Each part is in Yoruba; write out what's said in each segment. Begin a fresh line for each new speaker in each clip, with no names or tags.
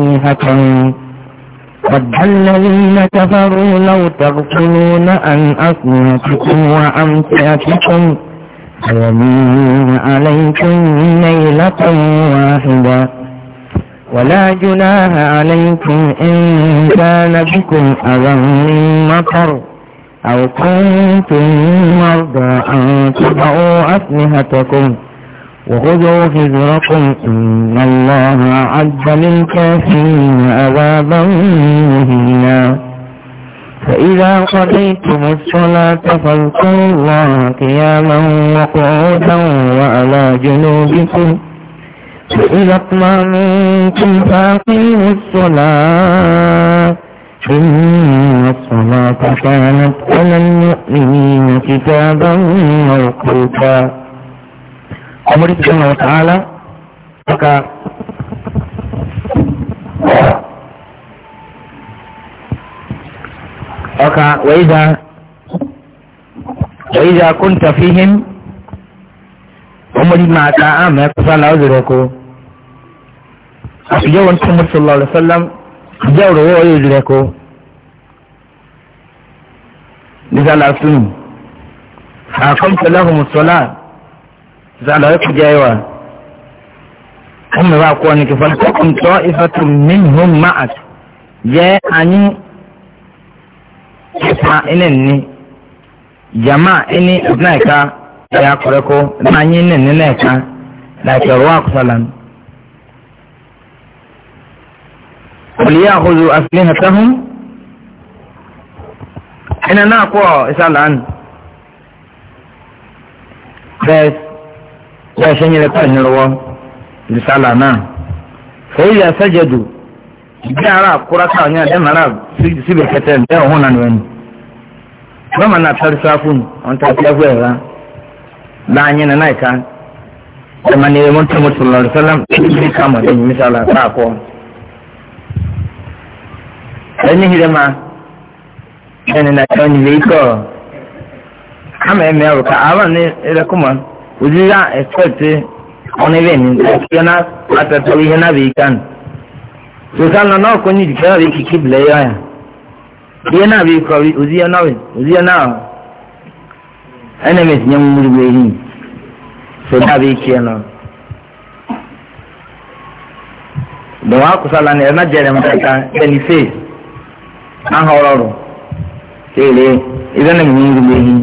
نصيحة قد الذين كفروا لو تغفلون أن أصنعتكم وأمسعتكم فيمين عليكم ليلة واحدة ولا جناه عليكم إن كان بكم أذن من مطر أو كنتم مرضى أن تضعوا أسنهتكم وخذوا حذركم إن الله أعد للكافرين عذابا مهينا فإذا قضيتم الصلاة فاذكروا الله قياما وقعودا وعلى جنوبكم فإذا اطمأنتم فأقيموا الصلاة إن الصلاة كانت على المؤمنين كتابا موقوتا عمر سبحانه وتعالى فكا
فكا وإذا وإذا كنت فيهم صلى الله عليه وسلم أسجوا رواه وزركو لهم الصلاة zala e e kujewa kuma ba kuwa ne kifar takun ta'ifatun minhum ma'at je anyi kifa inin ni jama ini naika e ya kureko na anyi inin ni naika da ke ruwa kusalan وليأخذوا أسلحتهم إن أنا أقوى إسأل عن بس ya ṣe ń yẹrẹ pẹ̀lú ìrọwọ́ ìrìsàlà náà fòye yà sẹ́jẹ̀dù ara àkúrákà ọ̀yàn àdẹ́màrà na kẹtẹ ẹ̀ ọ̀hún nànú ẹni bọ́mà náà tẹ́lẹ̀ sáfún ọ̀n tẹ́ ẹ̀fẹ́ ẹ̀fẹ́ ẹ̀rá láàyè nínú àìká ẹ̀mà ni ẹ̀mọ́ tó mọ̀tò lọ́rọ̀ ojú yá ẹ̀fẹ̀tì ọ̀nẹ́bẹ̀ ní ẹ̀kíyọ́ náà àtẹ̀tọ̀ ihe náà bẹ̀ kánù. sọ̀tàn náà náà kọ́ ní ìdìkẹ́ ọ̀rẹ́ kìkì bìlẹ̀ yọ ya ihe náà bẹ̀ kọ́ ojú yọ náà ojú yọ náà ẹnẹ́mẹ̀tì yẹn múlù wẹ̀ yìí sọ̀tàn bẹ̀ kí ẹ náà. dọ̀wọ́ akọ̀sálà ni ẹ̀rọ jẹrẹ mọ̀tàkà ẹni fèé ahọ́rọ̀rọ̀ kéèrè ìdánimọ̀ múlù wẹ̀ yìí.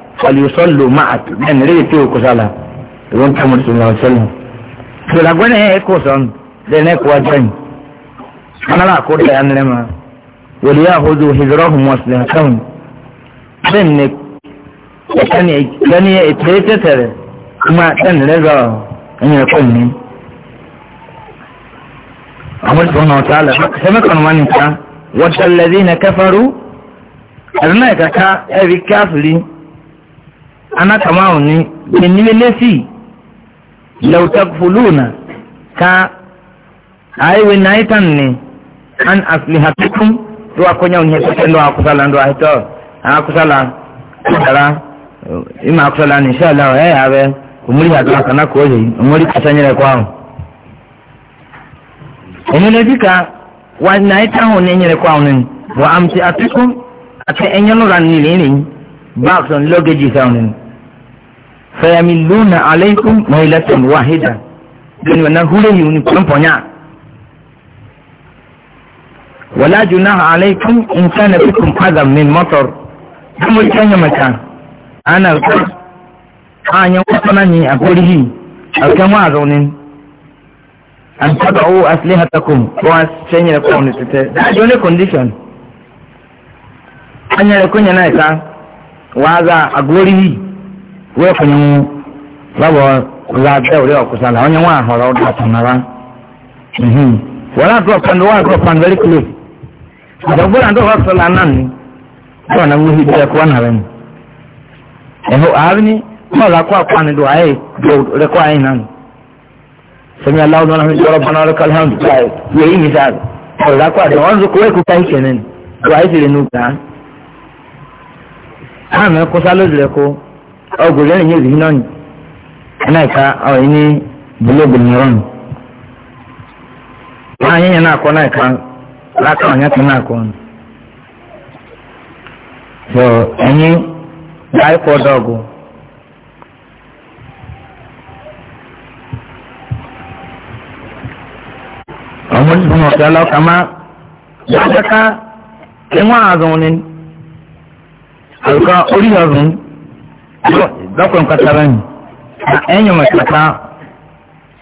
falyusallu ma'ak men rege tiyo kusala ibon ta mutu sallallahu alaihi wasallam to la gwene e ko son de ne ko ajan kana la ko da anne ma wal yahudu hijrahum wa aslihahum ben ne kani kani e tete tare kuma dan ne za an ya kun ne amul subhanahu wa ta'ala sai makan wani ta wa alladhina kafaru arna ka ka e kafiri Ana anakama oni kenile lesi law takfuluna ka aiwe naitan ni an aslihatukum to akonya oni hetendo akusala ndo ahito akusala kala ima akusala ni inshallah eh abe umuri hatu kana koje umuri kasanyira kwao omune dika wa naitan oni nyere kwao ni wa amsi atukum ati enyono ran nilini, ni back on luggage down ni fayamiluna alaykum mailatan wahida dani wannan hure yi ni kun fonya wala junaha alaykum in kana bikum hadam min matar kuma tanya maka ana ka anya kuma ni akorihi akan wa zaunin an tabu aslihatakum wa tanya ko ni tete da jone condition anya ko nya na ka waza agorihi wee kwenye mụ labọ labẹ ori ọkusa la onye nwa ahọrọ ọdọ atọnara wọn atọ pando wọn atọ pando very close àdàgbọ́n àdó ọ̀rọ̀ sọ̀rọ̀ anáni
ọ̀rọ̀ náà wọ́n hìdí ẹ̀kọ́ náà
rẹ̀ mu ẹ̀họ́ ààrẹ ni wọn ọ̀rọ̀ akọ akọ àni do ayé rẹ̀kọ́ ayé náà nù sẹ́mi aláwọ̀ náà wọ́n yọrọ bọ́nà ọ̀rọ̀ kọ́lá hàn bíi wọ́n èyí mi sáà ọ̀rọ̀ akọ àdó wọn zokò wẹ́ẹ̀kú káyì kẹ́nẹ́ni do ayé ti rẹ̀ nù gbà á àmì ẹ̀kọ́ sálọ́ ọgùn lẹ́yìn yìí rìn náà ni ẹ̀ka ọ̀yìn ní búlọ́ọ̀gù mìíràn. wọ́n á yẹ̀yẹ̀ náà kọ́ náà ẹ̀ka lákàwọn yẹn kan náà kọ́ ni.
so ẹ̀yin láì pọ̀ dọ́ọ̀gù. ọmọ ìgbìmọ̀ ọ̀sẹ̀
ọlọ́kà máa yọ̀ọ́ jẹ́ká ẹ̀wọ̀n àzọ̀ ni àlùkò orí ọ̀zọ̀ ni dɔkɔn katara ni ɛnyɛ ma kata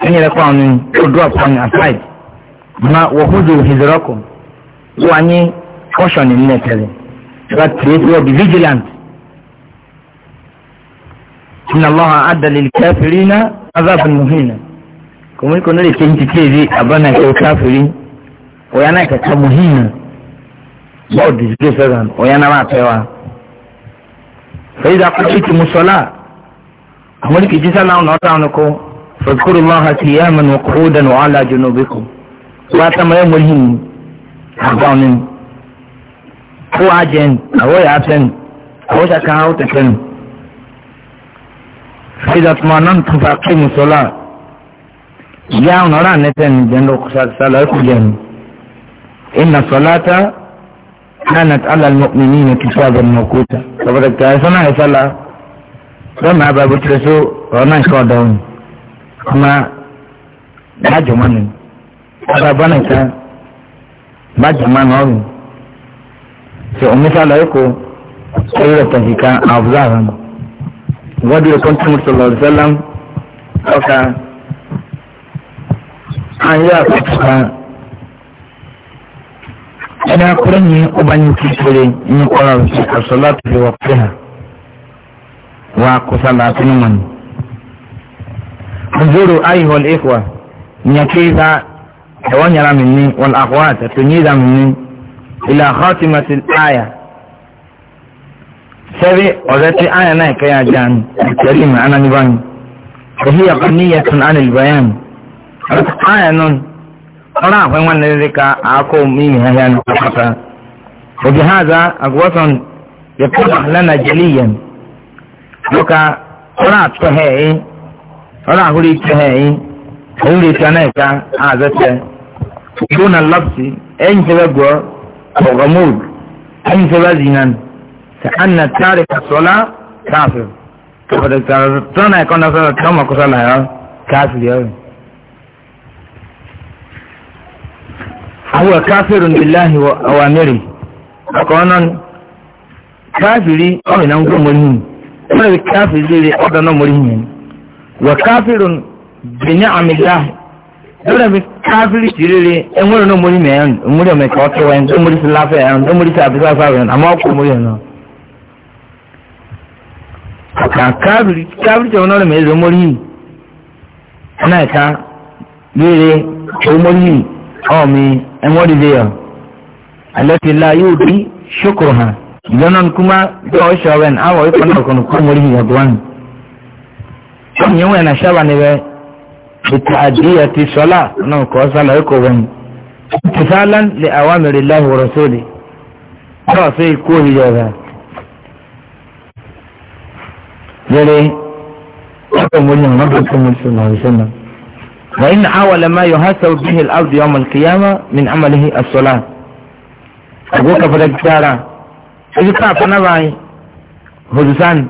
ɛnyɛ dɛ kwan ni o drop on aside ma wɔhudu hizirɔkɔ so anyi caution ni ne tɛlɛ ba tire ti wɔ be vigilant إن الله أعد للكافرين عذابا مهينا كما يكون لك أنت تيزي أبانا كالكافرين ويانا كالمهينا بعد جسدا ويانا ما تيوان فإذا قضيتم الصلاة أمريكي جسنا ونعطانكم فاذكروا الله قياما وقعودا وعلى جنوبكم واتم يوم الهين أعطانين هو عجين أو يعطين أو شكا أو تكن فإذا اطمأننتم فأقيموا الصلاة يا نرى نتن جنوب صلاة لكم جن إن الصلاة كانت على المؤمنين كتابا موقوتا saboda ka sana ya sala don na ba butre so wannan ko da wani kuma na jumanin ba bana ka ba jumanin wani so umi sala yako sai da tahika a observan wadu da kwantar mutu sallallahu alaihi wasallam
aka an yi a kwatuka ẹ̀dá kúrẹ́ ní ọba ní kékeré ní kọ́ra ṣe àṣọlá tó fi wọ́n pè hà wọ́n akọ́sá láti ní mọ̀nì.
Zoro ayihol ikwa nyake za ẹ̀wọ́n nyara mi ní wọn àkọ́wà tẹ̀tọ̀ ní ìdá mi ní ilẹ̀ àkọ́tì mẹ́tì àyà. Sẹ́bi ọ̀rẹ́ tí àyà náà kẹ́yà jàn ìtẹ̀rí mi anáníbáyìn. Òhìyà kan níyẹ̀tún ánìlbáyàn. Àyà náà ọrụ ahụ nwanne dị ka akụ ihe ahịa n'akpata obi ha aza agwọsọn yọkọta lana jeliyan dọka ọrụ atọ ọrụ ahụrụ ike ha eyi na ịka aza na lọpsi enyi sebe zinan ta na tari kasola kafir kafir tana ịkọ na sọrọ tọmọ kusa lahara kafir ahuwa kafirun billahi wa awamiri akonan kafiri ọrọ na ngwọ mọrihin ọrọ kafiri lere ọdọ na mọrihin wa kafirun bini amila lọ́dọ̀ kafiri káfírí ti rere ẹ̀wọ́n náà mórí mẹ́rin mórí ọmọ ẹ̀kọ́ tó wáyé tó mórí sí láfẹ́ ẹ̀rùn tó mórí sí àbísà fáwọn àmọ́ ọkọ̀ mórí ọ̀nà. àkà káfírí káfírí tẹ̀wọ́n náà mẹ́rin mórí yìí ẹ̀nà ẹ̀ka lére tó qaumi and what is there alati la yudi shukruha yanan kuma do shawen awo ikon ko ko mori ya gwan kan yawa na shaba ne be bitadiyati sala no ko sala ko wan tisalan li awamiri llahi wa rasuli ko sai ko hijaga
dare ko mori na ko mori sallallahu alaihi wasallam
وإن أول ما يحاسب به الأرض يوم القيامة من عمله الصلاة أقول فرق جارة إذا كعب نبعي هدسان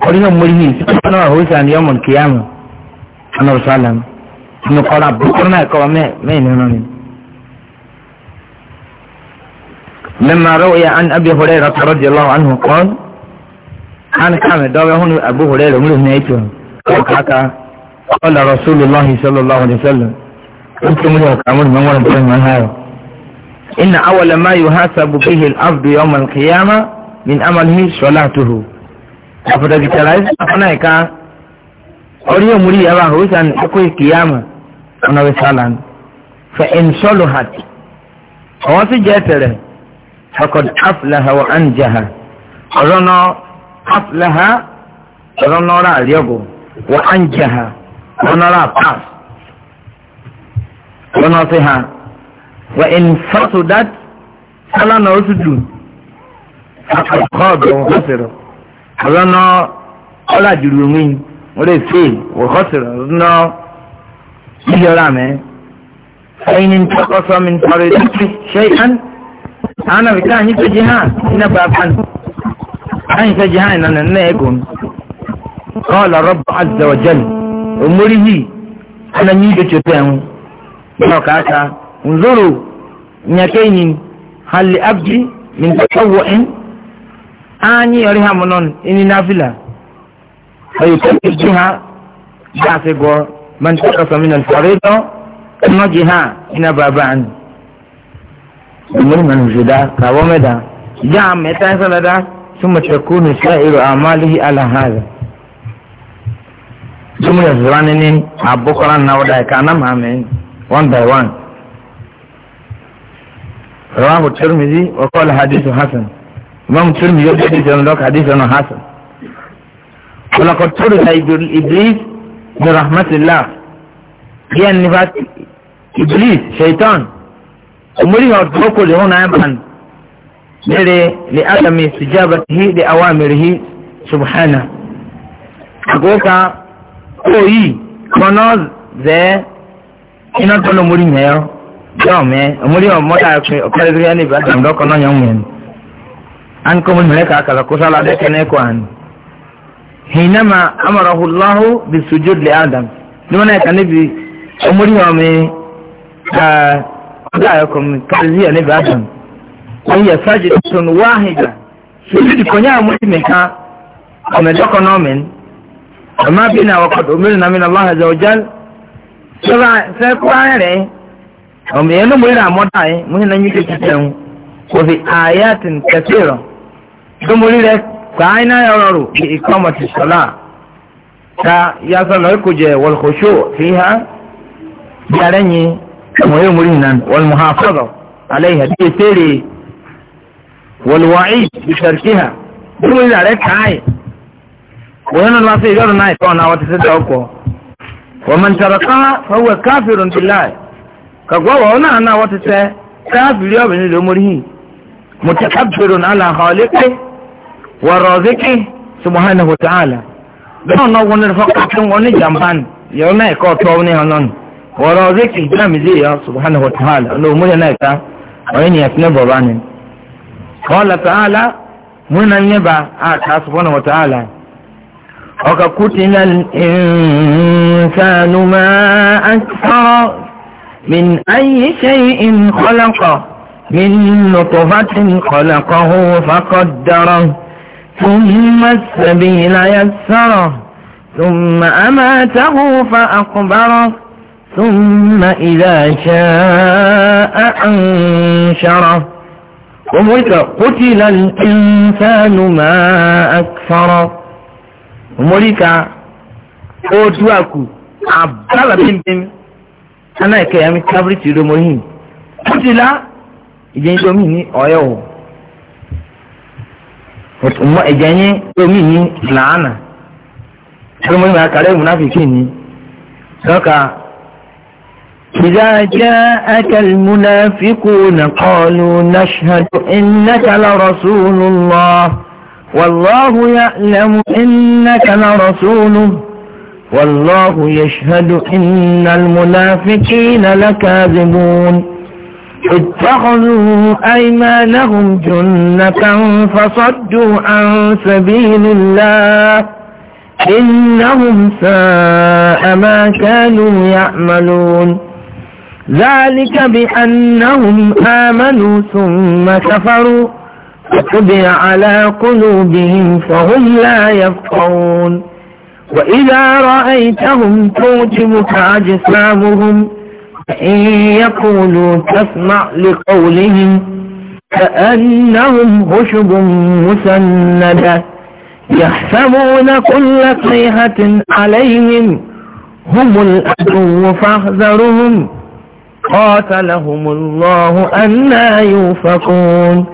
قرينا مريه سيكون هدسان يوم القيامة أنا رسالة أنا قرأ بكرنا كوامي مين هنوني لما رؤي عن أبي هريرة رضي الله عنه قال أنا كامل دعوة هنا أبو هريرة مريه نيتوه كاكا قال رسول الله صلى الله عليه وسلم قلت لي وكامل من ورد من هذا إن أول ما يحاسب به العبد يوم القيامة من عمله صلاته أفضل كلايس أفنائك أولي مري أبا هوسان أكوي قيامة أنا وسالان، فإن صلحت هو سجاتله فقد أفلح وأنجح رنا أفلح رنا رأى اليوم ọ̀nàrà pass ọ̀nà sí ha wà in fọ́tò dat sálá náà ó sì dù àkàkọ́ ọ̀dọ̀ wọ́n sọ̀rọ̀ ọ̀rọ̀ náà ọ̀là jùlọ wí wọ́n lè fè wọ́n sọ̀rọ̀ ọ̀rọ̀ náà yíyọ̀rọ̀ àmẹ́ ẹ̀yin ní tọ́kọ sọ́mi ń tọrọ ìdíje ṣe án àwọn àbíká àyìn fẹ́ jihán iná bá bá ní àyìn fẹ́ jihán ìnáná náà ẹ̀gùn kọ́ ọ̀là rọ́bù àzẹ̀wọ̀jẹ́lì umurihi ana nyido chotehu nao kaka unzuru nyakenyi hali abdi min tatawuin anyi oriha monon ini nafila fayutakir biha basi go man takasa min alfarido nojiha ina babaan umuri manuzida kawomeda jaa meta sanada ثم تكون سائر أعماله على هذا jumla ziwani ni abukora na wadai kana maame one by one rawahu tirmidhi wa qala hadithu hasan imam tirmidhi yadhihi jumla hadithu na hasan wala qad turisa iblis bi rahmatillah hiya nifas iblis shaitan umuri wa toko le hona yaban mere li adami istijabatihi li awamirihi subhanahu akoka oyi kọ́nà zẹ́ iná tó lomori yẹn omori ọmọdé akpẹ ọkọlẹ tó yẹn ní ìbàdàn dọkọ náà yẹn wẹn an kọ́ mọ́ni mẹ́lẹ́ka kàlà kó sálà dẹ́kẹ́ ní ẹ̀kọ́ àná hinama amarahulahu bisujud le adam níwọ̀n náà kàn níbi omori yẹn mi ọdọ ọkara mi kàlẹ́sì yẹn ní أما بنا وقد أمرنا من الله عز وجل سيقرأ عليه أم ينو مهنا مدعي مهنا نيكي تتنو وفي آيات كثيرة ثم لذلك كأين يرارو بإقامة الصلاة كيصل الكجة والخشوع فيها جارني مهم مهنا والمحافظة عليها تيسيري والوعيد بشركها ثم لذلك كأين وين الوصي يقول لنا يكون أو تسدعوكو ومن تركها فهو كافر بالله كقوة هنا أنا وتسا كافر يوم من الأمره متكبر على خالقه ورازقه سبحانه وتعالى بنا نوغن الفقاتن ونجنبان يوم يكون طوني هنون ورازقه جامزية سبحانه وتعالى أنه مجنة كافر وين يتنبه بانه قال تعالى من ينبع آتها سبحانه وتعالى وقد قتل الإنسان ما أكثر من أي شيء خلقه من نطفة خلقه فقدره ثم السبيل يسره ثم
أماته فأقبره ثم إذا شاء أنشره قتل الإنسان
ما أكثره umurika otu aku abala pimpin ana ke yami kabri ti do mohin kutila ijen do mi ni oyo o otumo ejenye ni laana ko mo ma munafiki ni soka إذا جاءك
المنافقون قالوا نشهد إنك لرسول الله والله يعلم إنك لرسوله
والله يشهد إن المنافقين لكاذبون اتخذوا أيمانهم جنة فصدوا عن سبيل الله إنهم ساء ما كانوا يعملون ذلك بأنهم آمنوا ثم كفروا وطبع على
قلوبهم فهم لا يفقهون وإذا رأيتهم توجبك أجسامهم إن يقولوا تسمع لقولهم كأنهم خشب
مسندة يحسبون كل صيحة عليهم هم الأدو فاحذرهم قاتلهم الله أنا يوفقون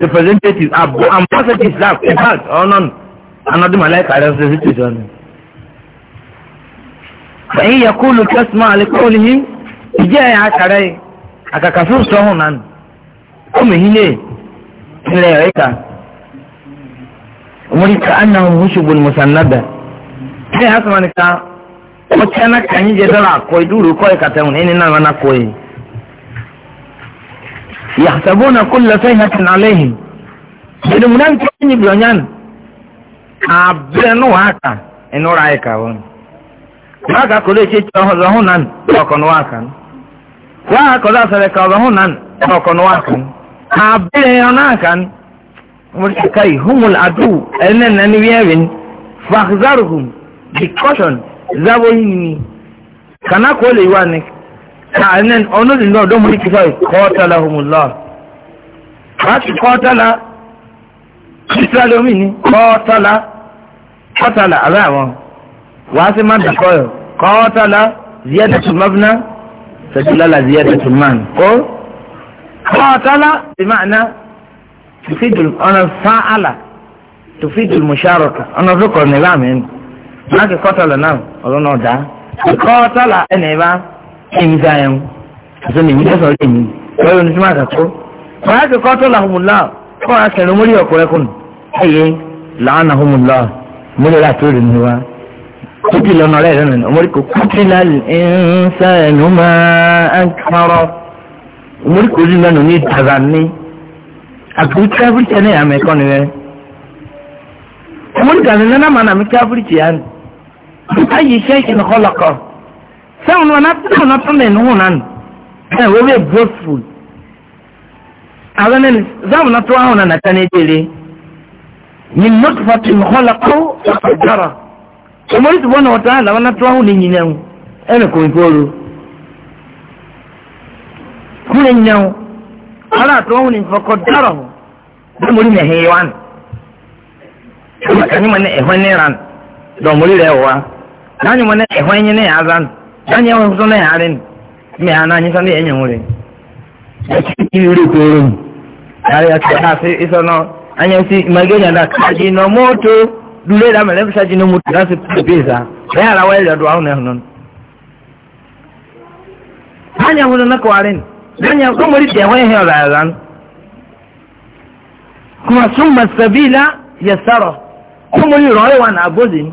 representatives abo ambassadors that in fact ọ̀nà anadi malaika representatives ọ̀nà. fẹ̀yìn yẹ kúlù kẹsìmọ́ àlékọ́lì yìí ìjẹ́ ẹ̀yà àkàrẹ́ àkàkà fún sọ́hùn nánu ọmọ yìí lè tilẹ̀ ẹ̀ kà wọ́n ká ana ọ̀hún ṣùgbọ́n mùsànàdà ṣé asọ̀mọ́nìkà ọ̀chẹ́ náà kàyìn jẹ́ dọ́là àkọ́ ìdúró kọ́ ìkàtẹ́wọ̀n ẹni náà wọn náà kọ́ yìí yàtàbọ́nà kó lọ sẹ́yìn àti nàlẹ́yìn ẹni múná tí wọ́n yin bìọ̀nyán abẹ́rẹ́ náà wà á kà ẹnu ra ẹ̀ka wọn wọ́n á kà kó lè ṣe tí ọ̀rọ̀ ọ̀hún nan ọ̀kọ̀nù wà á kà wọ́n á kọ́ lọ́sọ̀ ẹ̀ka ọ̀hún nan ọ̀kọ̀nù wà á kà abẹ́rẹ́ ọ̀nà àkà wọ́n ti ka ìhùmùl àdú ẹ̀rínà nání wíẹ́rìn fàkzárùhùm dìkọ́ṣọ̀n zábọ̀ yìí ni kànáà lè wà ní àánẹ́n ọlọ́rin náà dọ́mọ̀ ní kífà ìkọ́ọ́tàlá homolá láti kọ́ọ́tàlá israẹli omi ní kọ́ọ́tàlá kọ́ọ́tàlá àbẹ́ àwọn wàá sí máa dàkọ́yọ̀ kọ́ọ́tàlá ziyadatu mabna sajilala ziyadatu man kó kọ́ọ́tàlá ìmáàna tufidul ọ̀nà fáàlà tufidul musharaka ọ̀nà fúkọ̀ nílá mi láti kọ́ọ́tàlá náà ọlọ́nà ọ̀dá kọ́ọ́tàlá ẹ̀ ẹ̀yin sáà ẹ̀hún àti ẹ̀yin tẹ̀sán lè mí lọ́yọ̀ ní túmọ̀ àtàkó. wọ́n á ti kọ́ tó làhùnmùlá kọ́ wa kẹrin mórí ọ̀kọ́ ẹkùn ẹ̀yẹ làánàhùnmùlá mórí rà tó rè mí wá. kúti lọ́nà rẹ̀ lọ́nà ọmọdé kò kúti lálẹ́ akuru kafirce ne ya mai kone ne mun gani na nama na mi kafirce ya ne ayi shekin holaka sẹ́wọ̀n wọn náà náà tún lẹ́nu wọn nánu ẹ̀ wọ́n bẹ́ẹ̀ grateful àwọn ẹni sẹ́wọ̀n náà tún na náà nàta ní ìdílé ní nọ́tìfàtì nìkọ́lá kó ọ̀gára ọmọdé tí wọ́n náà ní nyiná wọn kò ní nyiná wọn ní dára wọn bẹ́ẹ̀ mo rí ẹ̀hìn ẹ̀hìn wọn ní ẹ̀hìn ní ìran dọ̀mọ́lì rẹ̀ yanyi awon kusa na yaren mai ana yi sanda yanyan wuri ya ci yi wuri ko wurin yare ya ci ta sai isa na an yansi magana da kaji na moto dule da mai sa jini mutu da su tafi sa ya yara wayar da duwa wani hannun hanya wani na kwarin hanya kuma rike wani hanyar da yaran kuma sun masabila ya tsaro kuma e yi rawa na abozin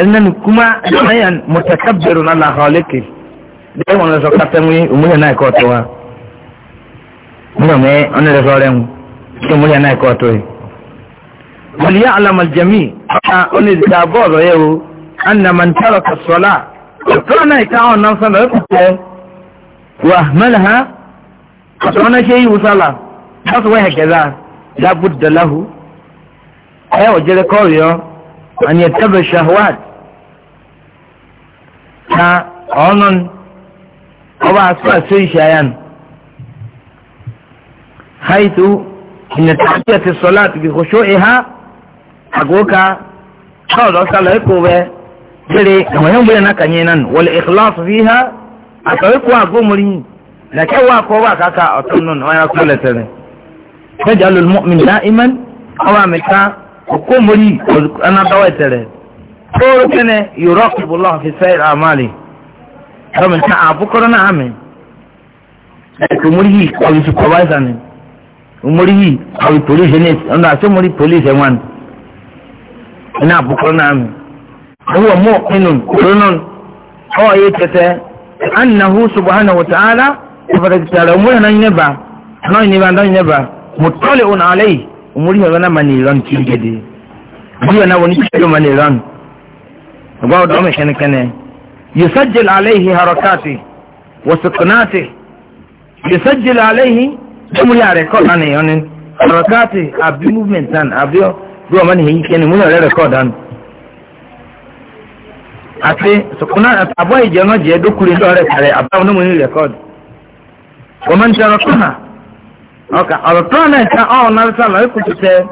ẹnẹnu kuma ẹnẹyàn mọtẹkẹbẹrù nàlà àhọlẹkẹ bẹẹ wọn lọ sọ kátẹmúyé òmùlẹ náà ẹkọ tó wa múlọmọ ẹ ọnà ẹdẹsọ rẹ ń tó òmùlẹ náà ẹkọ tó yẹ. wàlíyà alamalajami ọ̀ka onídìgbà bọ́ọ̀lù yẹ o anamantara kasọlá ọ̀tọ́ náà ìka ọ̀n náà sọ̀rọ̀ ẹ̀kọ́ tẹ wà mẹ́lẹ̀ ha ọ̀tọ́ náà ṣe yí wùsàlà láti wọ́ ẹ̀kẹ́dà dábùdàláhu ẹ̀ ọ̀jẹ̀rẹ̀ kọ́ọ̀rì yọ ànyẹ̀tẹ̀bẹ̀ shahwat na ọnụ ọba asụ asụ isha ya haitu ina tafiya ta salat bi khushu iha agoka kawai da sala ko be dire muhim bude na kanye nan wal ikhlas fiha akai ko agomuri la kawa ko ba kaka otunun waya kula tare tajalul mu'min da'iman awamika ko muri ana dawaitare kóòrò kẹ́nẹ̀ yòrò kìbùlọ́ fi sẹ́yìn àmàlì ọmọ nǹkan àbúkọ́rọ́ náà àmì ẹ̀kọ́ mórí yìí kọ́wé supervisor ni mórí yìí kọ́wé police unit ọ̀nà àti mórí police ẹ̀wọ̀n ní àbúkọ́rọ́ náà àmì owó ọmọ ọ̀pinnu kúrò náà ọ̀ yé tẹ́tẹ́ annahu subahana wa ta'ala ìfọ̀tẹ̀kì tààrà ọmọdé náà yẹn bá náà yẹn bá náà yẹn bá mọ̀tọ́lẹ̀ ọba ọdọ ọmọ ìṣẹ́ni kẹ́nẹ́ yusajil aleihi harakati wasukunati yusajil aleihi múlẹ̀ àrẹ́kọ́dà ni ọ̀ni harakati àbí movement náà àbí bí ọmọ nìyẹn kẹ́ni múlẹ̀ ọ̀rẹ́ rẹ́kọ́dà ni. àti sukunati àbọ̀ ìjẹ́ náà jẹ́ dókùnrin lọ́rẹ̀ kàrẹ́ àbáwọn ọmọ nìyẹn rẹ́kọ́dà wọ́n máa ń tẹ̀rọ kọ́ náà ọkà ọ̀rọ̀ tó náà ká ọ̀hún náà sálọ ẹ̀kú ti tẹ́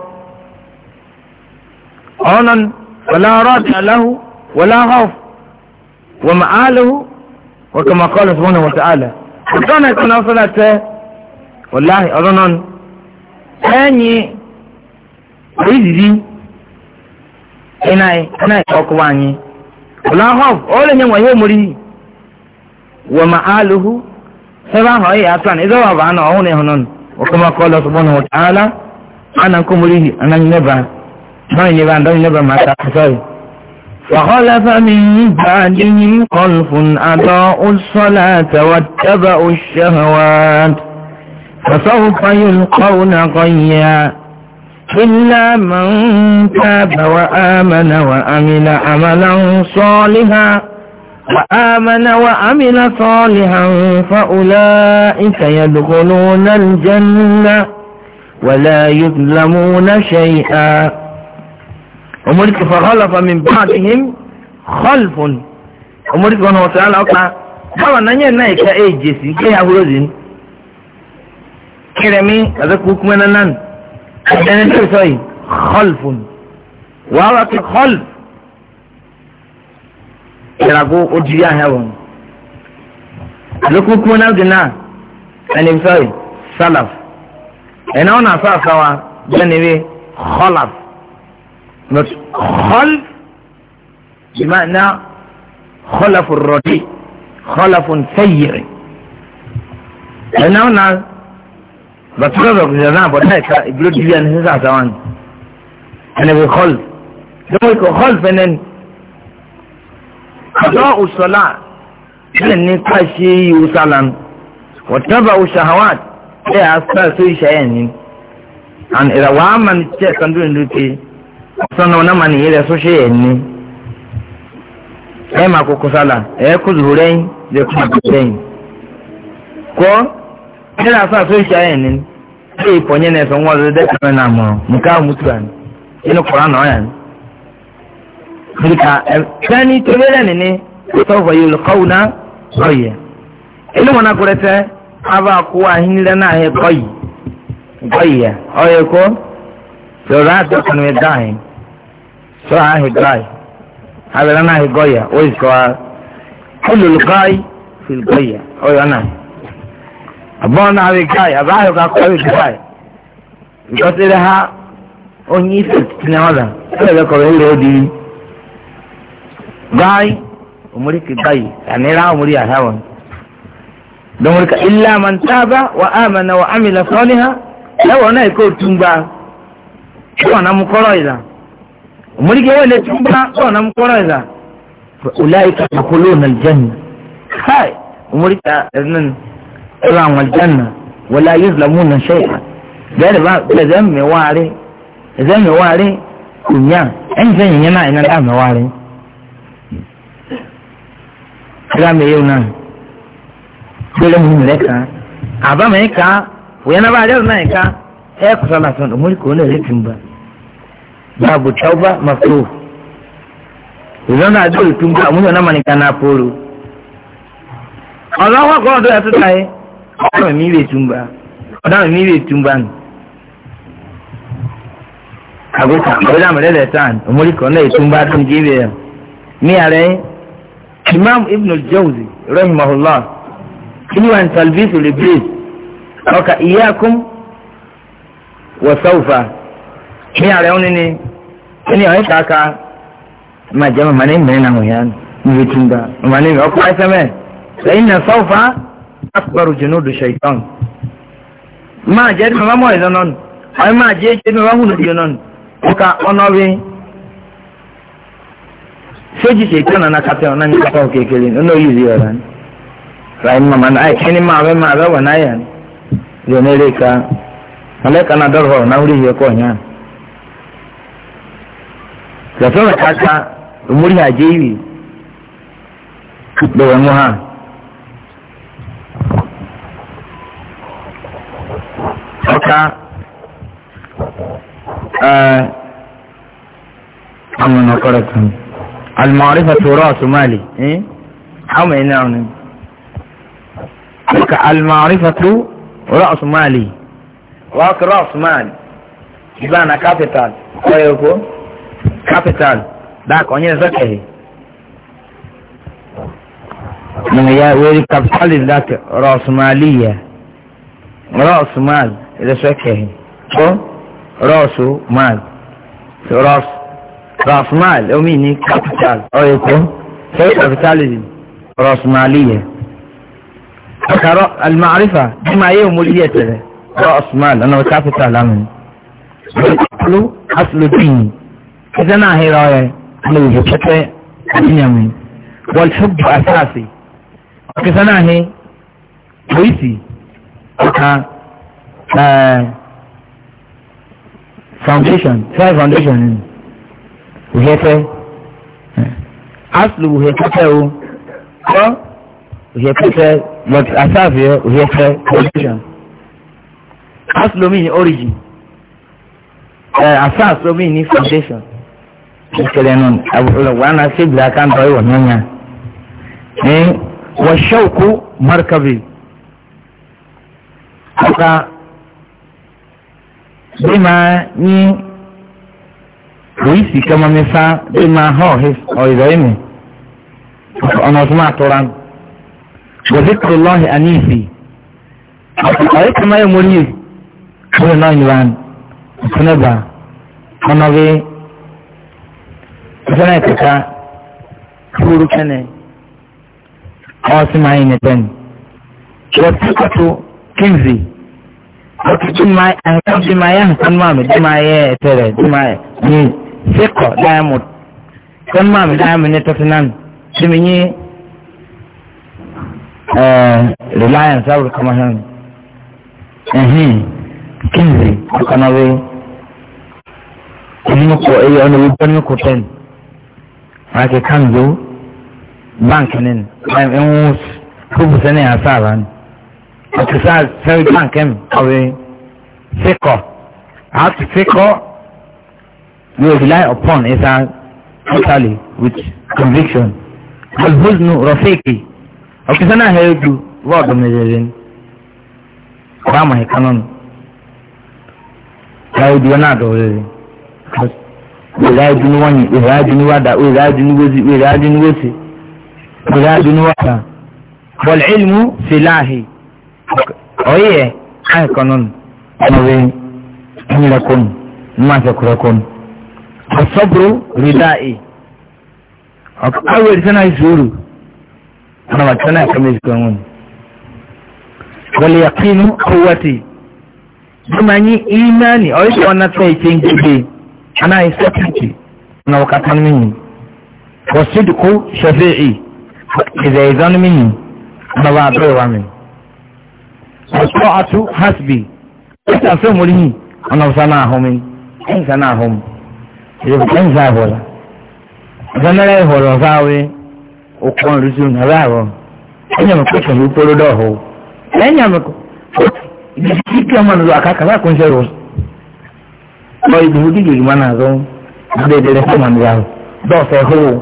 ọ̀hún náà wọlé ọ̀rọ̀ àti aláhùn laụ ọ na-nye nwe ihe i wealụụ be ahụ aana ezaba n hụ h ụ ala na kerii a n eba ka i
فخلف
من بعدهم خلف أضاءوا الصلاة واتبعوا الشهوات فسوف يلقون غيا إلا من تاب وآمن وأمل عملا صالحا وآمن وأمل صالحا فأولئك يدخلون الجنة ولا يظلمون شيئا ومرك فخلف من بعدهم خلف ومرك وانا وتعالى أقع هو نانيا نايكا اي جيسي كي هاولوزين كرمي هذا كوك من النان أنا نفسي خلف وهو خلف kirago ojiya heaven lokun kuma na dina ẹni sọrọ salaf ẹni ọ na sọ asawa bẹni bi kọlaf not خلف بمعنى خلف الرديء خلف سير ẹ̀nà ọ̀nà bàtúrọ̀dọ̀ kìlọ̀ náà bọ̀ náà ká ìbílẹ̀ dìbí ẹni sísá àtàwọn ẹni bí xọl lọ́wọ́ ikọ̀ xọl fẹ́nẹ́ ni àtọ́ òṣòlá ẹni ní ká ṣe ìwòsàlán wọ́tábà òṣàhàwàt ẹ̀ àṣà tó ìṣàyẹ̀ ni and ìràwọ̀ àmà ní tíyẹ̀ sandúró ní lókè. sọ́nà na màá nìyí rẹ̀ sọ́ṣẹ́ ẹ̀ ní ẹ̀ máa kókó sálà ẹ̀ kó zùhù rẹ́yìn lè kó àbí rẹ́yìn kọ́ ẹ̀ rà sọ́ àtúnṣe ìṣe ẹ̀ ní ẹ̀ ìpọ̀ yẹn ẹ̀sọ́ wọn lọ́dẹ ẹ̀fẹ́ náà mọ̀ so ahụ gai na ahụ goya o iskọwa kulul na fil goya o ya na na ahụ Goya abụ ha onye isi tinye na mulki wanda cikin ba wannan kora za ulaika yadkhuluna aljanna kai mulki nan ran aljanna wala yuzlamuna shay'a gari ba da zan me ware zan me ware kunya an san yana ina da me ware kira me yau nan dole mun ne ka aba me ka wena ba da nan ka e kusala san mulki wanda yake ba babu tauba makruh ìlànà àjọ ìtúngà àmúyọ náà mànìkà náà pòrò ọ̀rọ̀ àwọn akọ̀rọ̀ tó yà tó tàyé ọ̀dọ́ mi rè túmbà ọ̀dọ́ mi rè túmbà nù. àgùkà ọ̀dọ́ àmì rẹ̀ tán òmùríkọ̀ náà ìtúmbà tó ń gé rẹ̀ ní ààrẹ imam ibn al-jawzi rahimahullah kini wa talbisu libris ọkà iyakum wa sawfa ní ààrẹ wọn ni ẹni àwọn ìta aka máa jẹ́ màmá ní mẹ́rin àwọn èèyàn níbi tí ń gbà màmá ní ọkọ̀ ẹsẹ̀mẹ̀ lẹ́yìn náà sọ́ọ̀fà akọ̀rù jùlọ odò ṣèitán máa jẹ́ tí màmá mọ̀ ẹ̀dọ́ náà ọ̀hún máa jẹ́ tí màmá hùn lódìyọ náà ọkà ọ̀nà rí séjì ṣèitán ọ̀nà ní ni ràì màmá náà ẹni máa rẹ máa rẹ wọ̀ náà yẹn sọ̀tọ́ rẹ̀ kaka omori àjẹyìí
bẹ̀rẹ̀ mu ha. ọ̀ka ẹ̀
àwọn ọ̀kọ̀rọ̀ kan alimọ̀rífà tó rọ̀ somali ẹ̀ àwọn ẹ̀ náà ni ọ̀ka alimọ̀rífà tó rọ̀ somali wọ́n kọ̀ rọ̀ somali ìbáná capital ọ̀yọ̀ kọ́. capital dak onye zakehi na ya weri capital dak rosmaliya rosmal ile zakehi ko rosu mal so ros rosmal o mini capital o oh, yeko sai capitalism rosmaliya المعرفة بما يوم اليتر رأس مال أنا capital أمن أصل ديني كذا ناهي راية أنا بجوكتة أنيامي والحب أساسي كذا ناهي كويسي أكا foundation five foundation وهيته أصل وهيته و وهيته but أساسي وهيته foundation أصل مين origin uh, أساس مين foundation ìkẹlẹ̀ nù àbúrò wà á ṣe bìlà ká ń tọ́ ìwọ̀ nyanya ní wọ́n ṣọ́ọ̀kú markabi ọ̀ka bí máa ní rìsì kama mi fa bí máa hàn ọ̀hìn ọ̀yẹ̀dọ̀ yìí mi ọ̀nà ọ̀tún máa tọ́ra kama yẹ mọ́lì ọ̀yẹ̀ náà yìí wá ọ̀tún ìfẹ́ràn ìkẹta kúrú kẹ́nẹ̀ àwọn sì máa ń yẹn bẹ́ẹ̀ ni. Ìrọ̀tí kọ́tù kínzì kọ́tù tí máa yẹ nǹkan máa mi tí máa yẹ ẹ̀tẹ̀ rẹ̀ tí máa ní sẹ́kọ̀ dáyàmù kan máa mi dáyàmù ní tọ́tínàmù tí mi yí eh, reliance áwùrọ̀ kọ́mọ hàn kínzì ọ̀kan náà wí. ọ̀nà ìgbẹ́ ni mo wake kanzo bank nin em en kubu sene asara ni akisa sel bank em awe seko have to seko you rely upon is a totally with conviction alhuznu rafiki akisana hedu word mejelin kama hekanon hedu na dole because wèrè adunu wọnyi wèrè adunu wada wèrè adunu wosi wèrè adunu wosi wèrè adunu wada bọ̀lẹ̀ ilmu filahi ọ̀yẹ́ àìkọ́nọ́n ọ̀nàwé ńlẹ̀kùn mmasakùrẹ́kùn ọ̀sọ́bùrù rìdáì awèrè sẹ́nà ìṣòro ọ̀nà wàtí sẹ́nà ìkàmì ìṣòro wọn. wọ̀lẹ̀ yàkínú kọ́wọ́tì bí ọ̀yẹ́ sọ̀nà tó anaghị sekiti na ọkatan minyi wasidiku shafi'i izaizan minyi na ba adorewa min wasu'atu hasbi ita so murhi ana wasa na ahụ min in ka na ahụ m in za ahụla zanara ihoro zawe okon rusu na raro enya mako kan yi poro da ọhụ enya mako ibi kike mmanụ aka kaza kun se lọ ibi ìdí yìí wọn náà zọ ọdẹ ìdẹrẹ fún wọn nìyàwó dọọsẹ hóò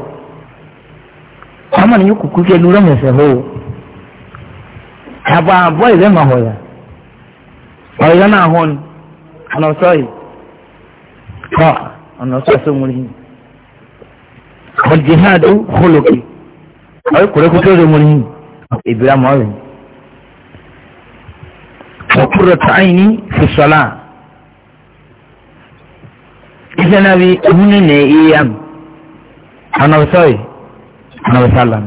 àwọn ènìyàn kúkú kí ẹnu rẹmẹsẹ hóò àbọ àbọ ìrẹ mà hó ya ọyọ náà hó ni ọ̀nà ọ̀sọ́ yìí kọ́ ọ̀nà ọ̀sọ́ ẹ̀sọ́ múlẹ̀ yìí ọ̀jìhádù hólókè ọ̀yọ́ kúrẹ́kútó rẹ̀ múlẹ̀ yìí ìbíra mọ́ rẹ̀ ọ̀kúrẹ́ tààyè ní fìṣọ́lá isana bi hunu ne iyam anabi sɔyi anabi salam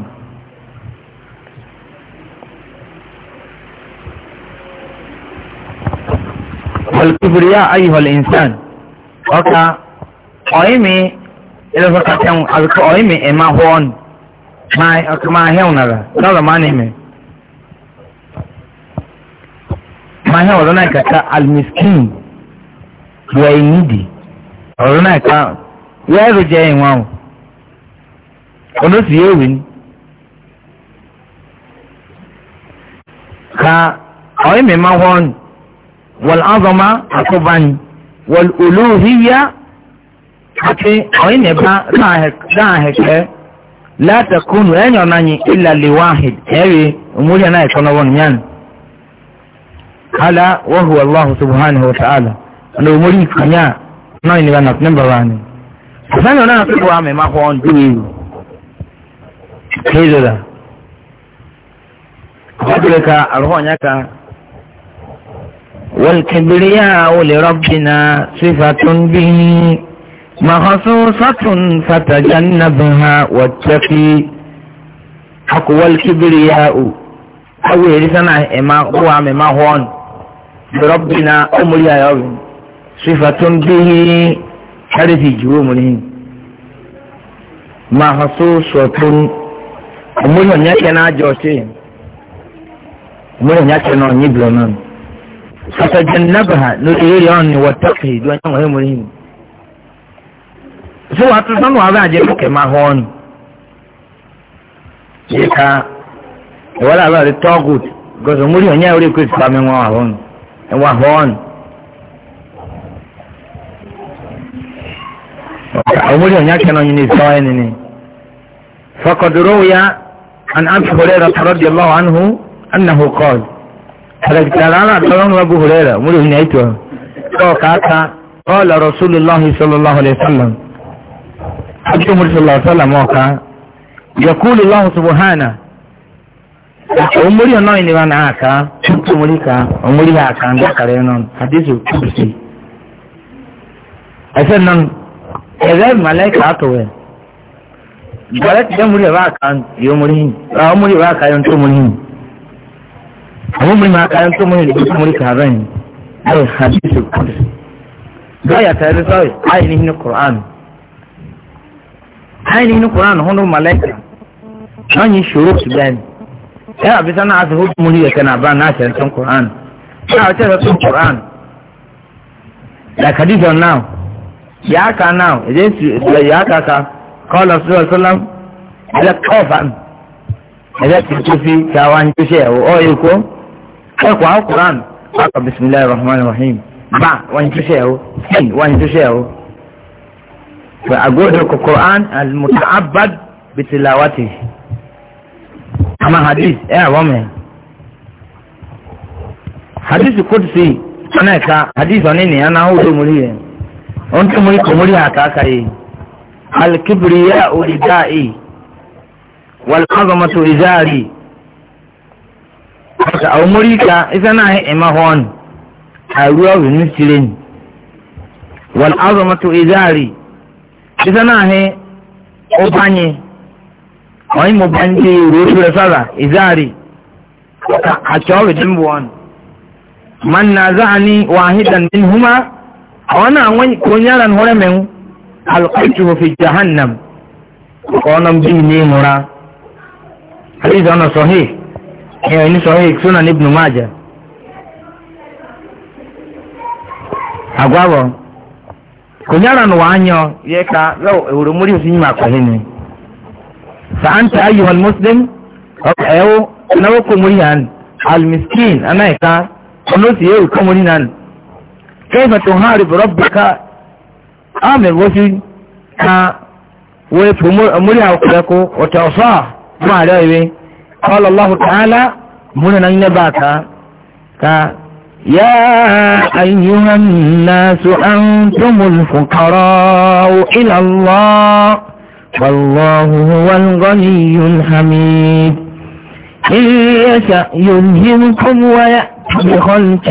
walkibriya ayuhal insan ɔka ɔyimi ilẹ̀fọ́ kàtẹ́wọ̀n àbíkọ́ ɔyimi ẹ̀ma hɔn ɔka máa hẹ́wọ̀n nara lọ́rọ̀ máa ní mi máa hẹ́wọ̀n lọ́nà ìkàtà alimiskin wẹ̀ nídìí ọ̀rọ̀ náà ká yẹ́ ẹ̀rọ jẹ́ ìwọ̀n o olóṣù yóò wí ni. ka ọ̀rẹ́ mi máa wọ́n wọ́n azọ́má àkóbáni wọ́n olóhìyá àti ọ̀rẹ́ mi bá dáhẹ̀kẹ́ látàkùnù ẹ̀yìn ọ̀nà yìí ilà lè wáhìd ẹ̀rí òmùlẹ̀ náà ẹ̀kọ́ náà wọ́n yàn. kálá wọ́n hu aláhùn subuhánahu ta'ala ọ̀nà òmùlẹ̀ kànyà náà ìnira náà nẹ́mbà wa ni àfẹ́ni ọ̀nà àtúkò àmì máa kọ́ ọ̀n dúró ewu kéèzọ́dà àbájúlẹ̀ ka àrùhọ̀ ọ̀nyá ka wọ́lkẹ̀bìrì yá olè rọ́bìnà sífàtún bí مخصوصة فتجنبها واتقي حقوى الكبرياء أو يرسنا إما هو عم ما هون بربنا أمري يا رب Sifatun صفة به حرف جمله محسوسة أمور من يكن أجوتي أمور من يكن أنيبلنا فتجنبها نريد أن وتقي دون أمور مهم so wàá tún sánú àwọn àjẹ kẹkẹ máa hàn ọ́nù yìí ká ìwọ́n làbàrí tọ́gùt gọ́sọ̀ múrí ọ̀nyá orí kò sí pàmì wọn àwọn ẹ̀wọ̀n àwọn ọ̀nù أمولي أن يكن أن ينزوينني فقد روي عن أبي هريرة رضي الله عنه أنه قال حركت الآن أتلون أبو هريرة أمولي أن يأتوه قال رسول الله صلى الله عليه وسلم الله صلى الله عليه وسلم وقال يقول الله سبحانه أمولي أنه إني وانا آكا شبت أمولي كا أمولي آكا عندك رينون حديث كبسي أسنن ẹ̀rẹ́ mọ̀lẹ́kà àtọ̀wẹ̀ bọ̀lẹ́ ti jẹ́ múlẹ̀ bá kan yóò múlẹ̀ yìí àwọn múlẹ̀ bá kan yóò tó múlẹ̀ yìí àwọn múlẹ̀ bá kan yóò tó múlẹ̀ yìí tó múlẹ̀ kà bẹ́ẹ̀ ni ẹ̀ hadithi kúrò báyà tẹ̀lé sọ́ọ̀rì ayé ní inú kùránù ayé ní inú kùránù hún mọ̀lẹ́kà wọ́n yìí ṣòro sí bẹ́ẹ̀ ẹ̀ àbísá náà ti hó múlẹ̀ yẹ̀ kẹ́nà bá náà ṣẹ̀ ń yàáka náà èdè ìtìlẹ̀ yàáka ka kọ́lá sọ́lá sọ́lá ẹ̀dẹ́ kọ́ọ̀fà ẹ̀dẹ́ tuntun fi káwa ń túṣe ẹ̀wọ̀ ọ̀ èkó ẹ̀kọ́ akuran akọ bisimilayi rahman rahim ba wọ́n túṣe ẹ̀wọ̀ sẹ́yìn wọ́n túṣe ẹ̀wọ̀ fẹ́ agbóhùn kò quran alimuta abad bitilawati ama hadith ẹ̀ àwọn mẹ́ hadith kudusi ọ̀nà ẹ̀ka hadith ọ̀nìyàn náà ó dó mu rí on ta muri kumuri haka aka yi alkibriya ulida'i wal azamatu izari haka a muri ka isa na yi imahon a ruwa wani sirin wal azamatu izari isa na yi obanye wani mo banje rotu da sara izari a cewa wajen buwan man na za'ani wahidan min huma àwọn náà wọ́n kò yára nìhọ́rẹ́ fi jahannam ọ̀nà bí ní ìmúra àdéhùn ọ̀nà sọ̀hí ẹ̀yìn ní sọ̀hí sọ́nà ní ibùdó na jẹ. àgbàbọ̀ kò yára nù wá yan yẹ ká lọ́wọ́ èwúrò mórí òsì yìí máa kọ̀hí ni. sàǹtà ayọ̀hàn muslim ẹ̀wọ̀ ẹ̀wọ̀ kò mórí hàn alimiskin anáyíká ọ̀nà كيف تهارب ربك آمن وسي ويفهمولها وكذاكو وتعصاه ما عليه قال الله تعالى من ننباك
يا أيها الناس أنتم الفقراء إلى الله والله هو الغني الحميد إن يشأ يلهمكم ويأتي بخلق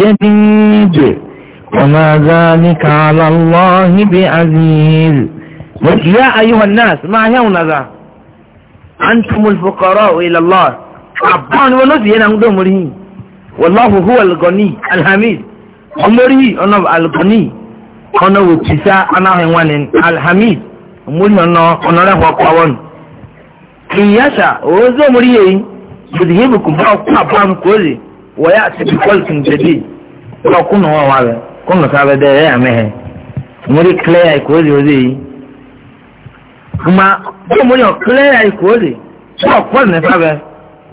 جديد وما ذلك على الله بعزيز يا أيها الناس ما هون ذا أنتم الفقراء إلى الله أبان ونزي أنا مدمره والله هو الغني الحميد أمره أنا الغني أنا وكسا أنا هنوان الحميد أمره أنا أنا له قوان إن يشاء وزمره يذهبكم بأو قبام ويأتي بخلق جديد ولو كنا هو هذا كنا صعب ده يا مه مري كلاي كوزي وزي كما هو مري كلاي كوزي شو أقول نفعل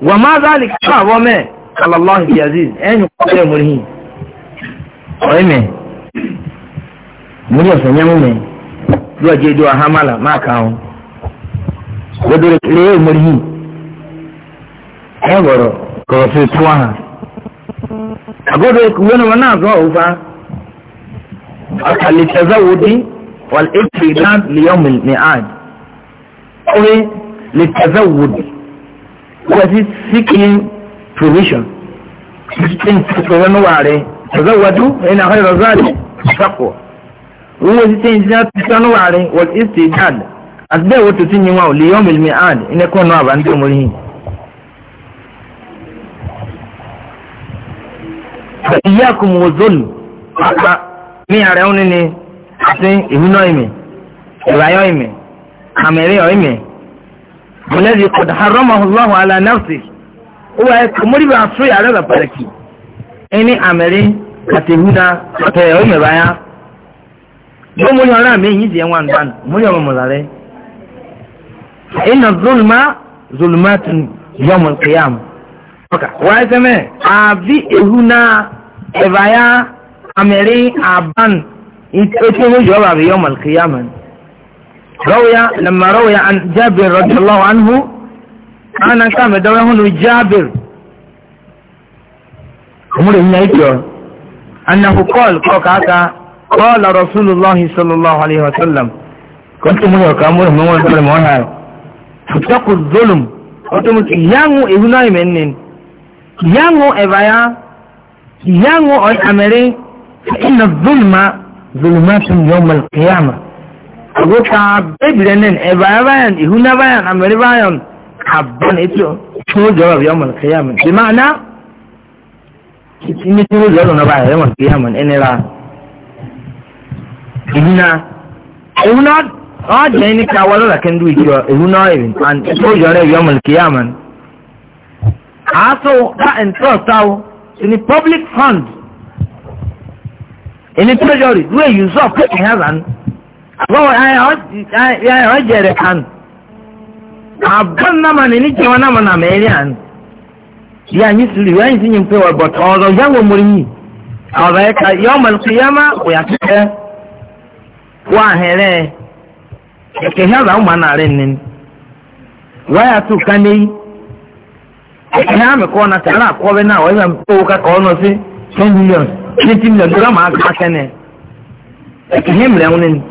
وما ذلك صعب وما على الله بعزيز أين يقول مري أيمه مري أسمع مري دو أجي دو أهملا ما كان ودور كلاي مري أبورو كوفي توها agodo kuona wanazo ufa alitazawudi walibtidad liyaum almiad owe litazawudi wasi seeking provision seeking provision wale tazawadu ina khayra zali taqwa huwa seeking provision wale walibtidad asbe wotu tinyi wao liyaum almiad inakuwa no abandi muri hii ìyáàkùn wò zónù pápá ní ààrẹ òní ni àti ìhúná ìmì ìráyọ ìmì àmìrí ọ̀ ìmì mọ̀lẹ́bí kọ̀dà haramahullahu ala nafsi ó wà ẹ̀kọ́ mọ́ríbà àtúrò yàrá rẹ̀ pàtàkì ẹni àmìrí àti ìhúná ọ̀tẹ̀ ọ̀ ìmì báyà yóò mú yọ̀ọ́ náà méjì yìí wọn dánù mú yọ̀ọ́ mọ̀lẹ́rẹ́ ìnà zulma zulmatun yọ̀ọ́ mọ̀lẹ́kẹ́yàmù wọ́n ṣe mẹ́ àbí ehu náà ẹ̀báyá àmẹ́rí àbán ètò ìwé yọ̀ọ́ bàbí yọ̀ mọ̀lùkìyàmọ̀ rọ́wìyà lẹ́mọ̀ rọ́wìyà jábìr rọ́jọ́lọ́wọ́ anhu ana ká mẹ́dọ́wẹ́ hún lu jábìr òmùrè yín náà ìjọ anahu kọ́ọ̀lù kọ́ kàákà kọ́ọ̀lù rasulillah sallallahu alayhi wa sallam kọ́ntù múlò ọ̀ká múlò mọ́wọ́n sọ́lẹ̀ mọ́hàrọ̀ tùtọ́kù zolum ọ̀tọ́mùtù yáàmù ehu náà ìmẹ́ni yango ebaya yango oy amere inna zulma zulmatun yawm al-qiyama ago ka bebrenen ebaya bayan ihuna bayan amere bayan habban ito to jawab yawm al-qiyama bi ma'ana ni to jawab na bayan yawm al-qiyama enera ihuna ihuna ọjọ́ ẹni ká wọ́n lọ́la kẹ́ndú ìjọ ìhúná ẹ̀rìn and ìtọ́jọ́ rẹ̀ yọmọ kìíyàmọ́ aso that and trust in the public fund in the treasury wey you saw put ẹ hàn án àbọ̀wọ̀ ẹ ọ jẹrẹ kan àbọ̀n náà mà ní ní jẹun náà mà nà mẹ́rin àn yíyá yín sùúrù yíyá yín sì yín pé wọ́n bọ̀tọ̀ ọ̀rọ̀ yá wọ́n mọ̀rí yìí ọ̀rọ̀ ẹ ká yọ ọmọ ẹ̀kọ́ yá má ẹ̀yà àmì kọ́ náà sàrà àkọ́wé náà wọ́n yóò tó owó kakọ́ ọ́nà sí ten million twenty million lórí àmà àgbà kẹ́nẹ̀ ẹ̀kẹ́hìn mìíràn wọn ni.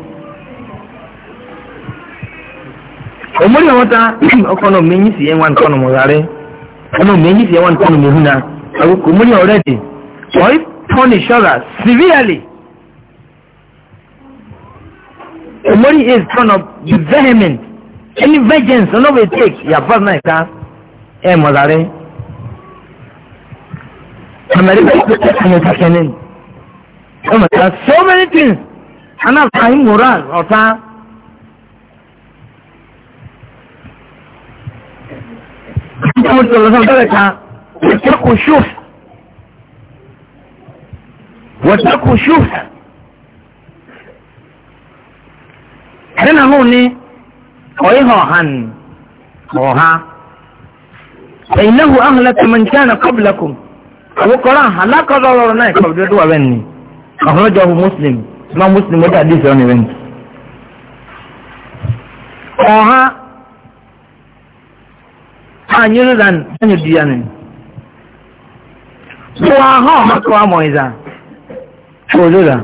òmùrí àwọn ta ọkọ náà mi yín sí ẹ̀wọ̀n nǹkan nù mọ̀rẹ́ ọ̀nà mi yín sí ẹ̀wọ̀n nǹkan nù mìíràn àgùkù òmùrí ọ̀rẹ́ dì wọ́n punish ọ̀rà severely. òmùrí is one of the vehement any vengeance ọ̀nà wey take yà fún àná ìta ẹ̀ mọ̀rẹ́. اما ليه بيحبك انا تكنين اما أنا many things انا أنا أنا أنا أنا
أنا أنا أنا أنا أنا أنا أنا أنا أنا فاهم مورال أنا وتركوا شوف أنا شوف
هنا أنا ويها هن أنا فإنه أهلك أنا كان قبلكم àbúkọ́rọ́ àlákọ́dọ̀ ọ̀rọ̀ náà ẹ̀kọ́ ọ̀dọ́ tó wà bẹ́ẹ̀ ni àwọn ọjọ́ ọ̀hún muslim máa muslim ó dàdí ìfẹ́ ọ̀nà ìrẹ́ǹtì. ọ̀ha ànyínú dàn ẹ̀yìn di yanu tó wà hàn ọ̀hán tó wà mọ̀ ìzà tó wà lóla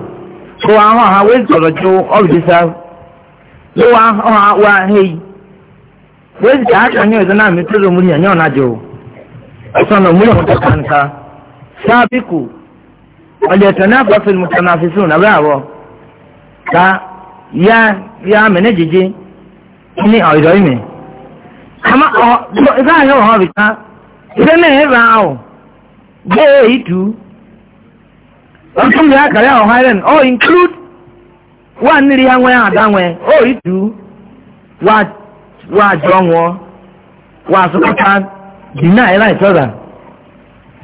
tó wà hàn ọ̀hán wẹ́ẹ́ sọ̀rọ̀ tó ọ̀rọ̀ ti tó wà hàn ọ̀hán wà hẹ́yì sì náà tó sábìkù ọ̀lẹ́tẹ̀nàfọ́sì mùtànàfíṣù nàbẹ́ àwọ̀ ká yá yá mẹ́nẹ́jìjì ní ọ̀dọ́ ìmẹ̀. àmọ́ ọ̀ ìfẹ́ àyẹ̀ wọ̀ hàn bí ká ìfẹ́ náà ẹ̀ ràn áwọ̀ gbé èyí tù ú. ọ̀tún mi àkàrẹ́ ọ̀hán rẹ̀ ọ̀ include wà nírí àwọn àdáwọn ọ̀ èyí tù ú wà jọ wọn wà dìnnà ẹ̀ láì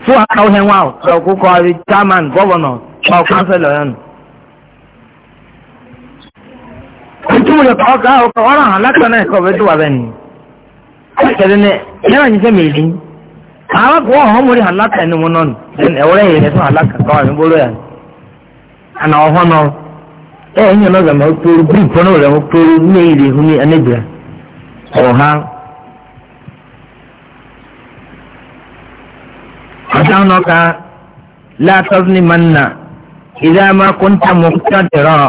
tí wọ́n kà ó hẹ́ wá ọ̀kú kọ́rí chairman governor or councillor yẹn. Ìtumù yẹ kọ́ ká ọkọ̀ ọ̀rọ̀ hàn látọ̀ náà ẹ̀kọ́ bẹ́ẹ̀ tó wà bẹ́ẹ̀ ni. Kẹ̀lẹ́ ní yẹ́nà yìí sẹ́mi ìdí. Àwọn kò wọ́n mú rí hàn látọ̀ ẹni mu nọ́ọ̀nù. Ẹ̀wọ́rẹ́ yìí rẹ̀ tó hàn látọ̀ kọ́ àmì bóló yẹn. Àná ọ̀họ́ nọ. Ẹ ẹ̀yìn ọ̀nà ọ̀gàmọ̀ tó rú bíríkì fọ́nà rẹ̀ tó rú ní ilé ìhun ní ẹnẹ́gbẹ̀rẹ̀. Ọ̀hán ọ̀sán ọ̀ka látọ́sí mọ́nà ìdá máa kún tà mọ́ tọ́tẹ̀rọ̀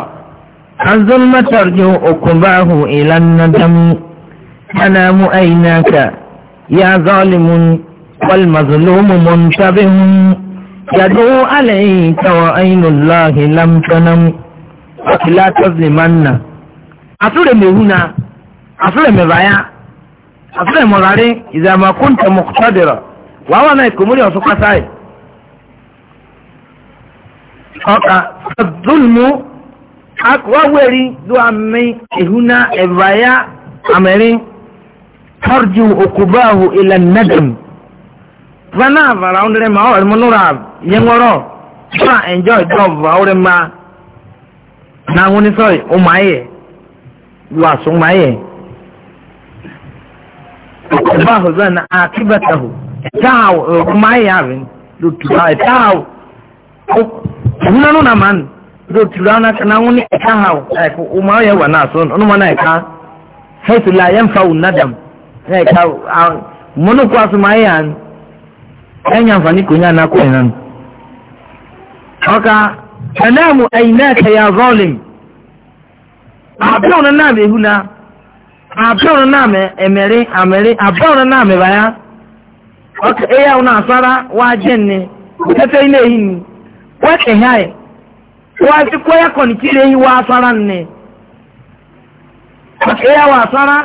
azul matarju okubahu ìlànà dámú sanamu ainaka ya zalimun wal mazlumu muntabihun yadu alayhi tawa ainullahi lam tanam la tasli manna asure mehuna asure mebaya asure morare idza ma kunta muqtadira wàá wà náà ìkòmórì ọ̀sùn pátá yìí ọkà ọdúnmù akọwéri ló àmì ìhúná ẹ̀bùráyà àmẹ́rin tọ́jú òkúbáhù ilẹ̀ nẹ́dẹ̀m gbaná àbàrà ọ̀nẹ́rẹ́ máa ọ̀rẹ́ múnúra yẹnwọ́rọ̀ fún àǹjọ́ ìjọba ọ̀rẹ́ máa náà wọ́n ní sọ́ọ̀rì ọmọ ayẹ̀ ló àsùnmọ́ ayẹ̀ òkúbáhù zọ́ọ̀nà taaw mayaarin do tura taaw huna nuna man do na kana woni taaw ko umaya wana so no mana ka haitu la yanfa nadam ne ka munu kwa su mayan enya na ko aynaka ya zalim na be na me emere amere na me baya ọkà eya ọ na-asara waa je nne ị na-ehi nni kwa kehia ya waa e e. si kwa ya kọnichiri ehi waa asara nne ọkà eya waa asara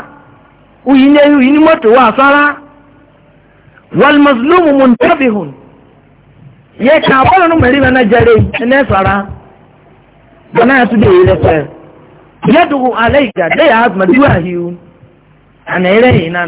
uyi na-ehi uyi moto waa asara wal mazlumu muntabihun ye ka abọ́nà ní mẹ́rin náà jẹ́rẹ́ ẹ̀nẹ́ sara bọ́nà yẹn tún dé èyí lẹ́sẹ̀ yẹ́dùn alẹ́ ìgbà dé yà á gbàdúrà àná ẹ̀rẹ́ yìí náà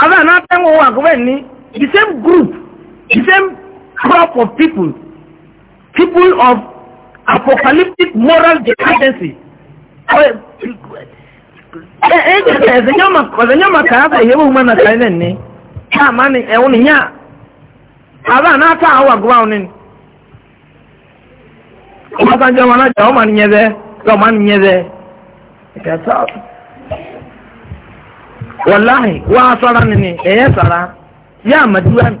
Other than that, the same group, the same crop of people, people of apocalyptic moral dependency. ni ni ni ọmọ ọmọ ọmọ wàláhì wà á sọ̀rọ̀ nìní ẹ̀yẹ sọ̀rọ̀ yá àmàdúrà nì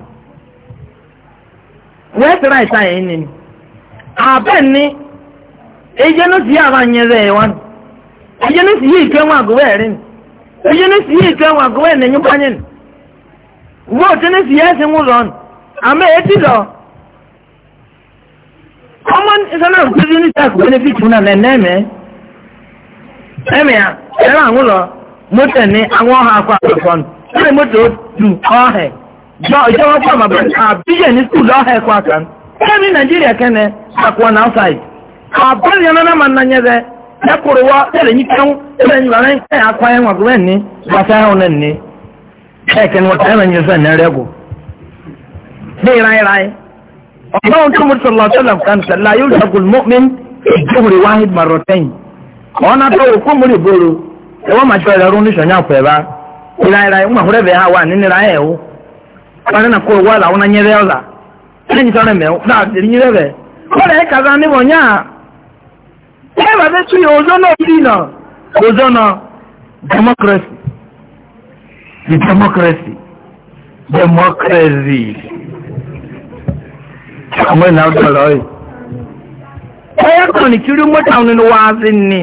wẹ́ẹ́ sọ̀rọ̀ àìsàn yẹn nìní àbẹ́ ni ẹ̀yẹ ní sì yá àwọn àyẹ̀ rẹ̀ wọn ẹ̀yẹ ní sì yí ìkẹ́ wọn àgọ́wẹ́ rẹ̀ nì ẹ̀yẹ ní sì yí ìkẹ́ wọn àgọ́wẹ́ nìyí báyẹ̀ nì wọ́ọ̀tì ní sì yẹ́ ẹ̀sìn wọn lọ́nù àmì etí lọ common internal business tax benefit fún nàmẹ́ nẹ́mẹ́ ẹ̀mẹ́ à ẹ̀rọ àwọn lọ. moto ni àwọn ha akọ àkọkọ nù lórí moto du ọhẹ jọ ìjọba fún àmàbẹ àbíyẹ ní skul ọhẹ kọ àkà nù ẹ ní nàìjíríà kẹnẹ àkọ náà ṣáì na yẹn náà máa ń nanyẹ bẹ ẹ kúrò wọ ẹ lè yí kẹwọn ẹ lè yí bàbá ẹ ẹ akọ ẹ wọn bẹ ní wàtá ẹ wọn náà ní ẹ kẹni wọn ẹ máa ń yẹ sẹ nẹrẹ gò bí ráyé ráyé ọlọ́run tó mú sọlọ sọlọ kan sẹlá yóò dàgùn mọ́mí ìjọba ẹwọ́ máa jọ ẹ̀rọ oníṣọ̀nyá ọ̀pọ̀ ẹ̀bá ìlànà ìwọ̀n àkúrẹ́ bẹ̀ẹ́ ha wà nínú ìlànà ẹ̀wọ́ wọn nana kó owó àlà wọn nyẹrẹ ọ̀la ẹni sọ rẹ mẹ́wọ́ náà èyí nyẹrẹ bẹ̀ wọ́n kàdá níbọ̀ nyá ẹ̀ bá fẹ́ tún yẹ ọjọ́ náà bí nà ọjọ́ náà democracy
the democracy democracy
ìnáwó dọ̀lọ́ yìí ni.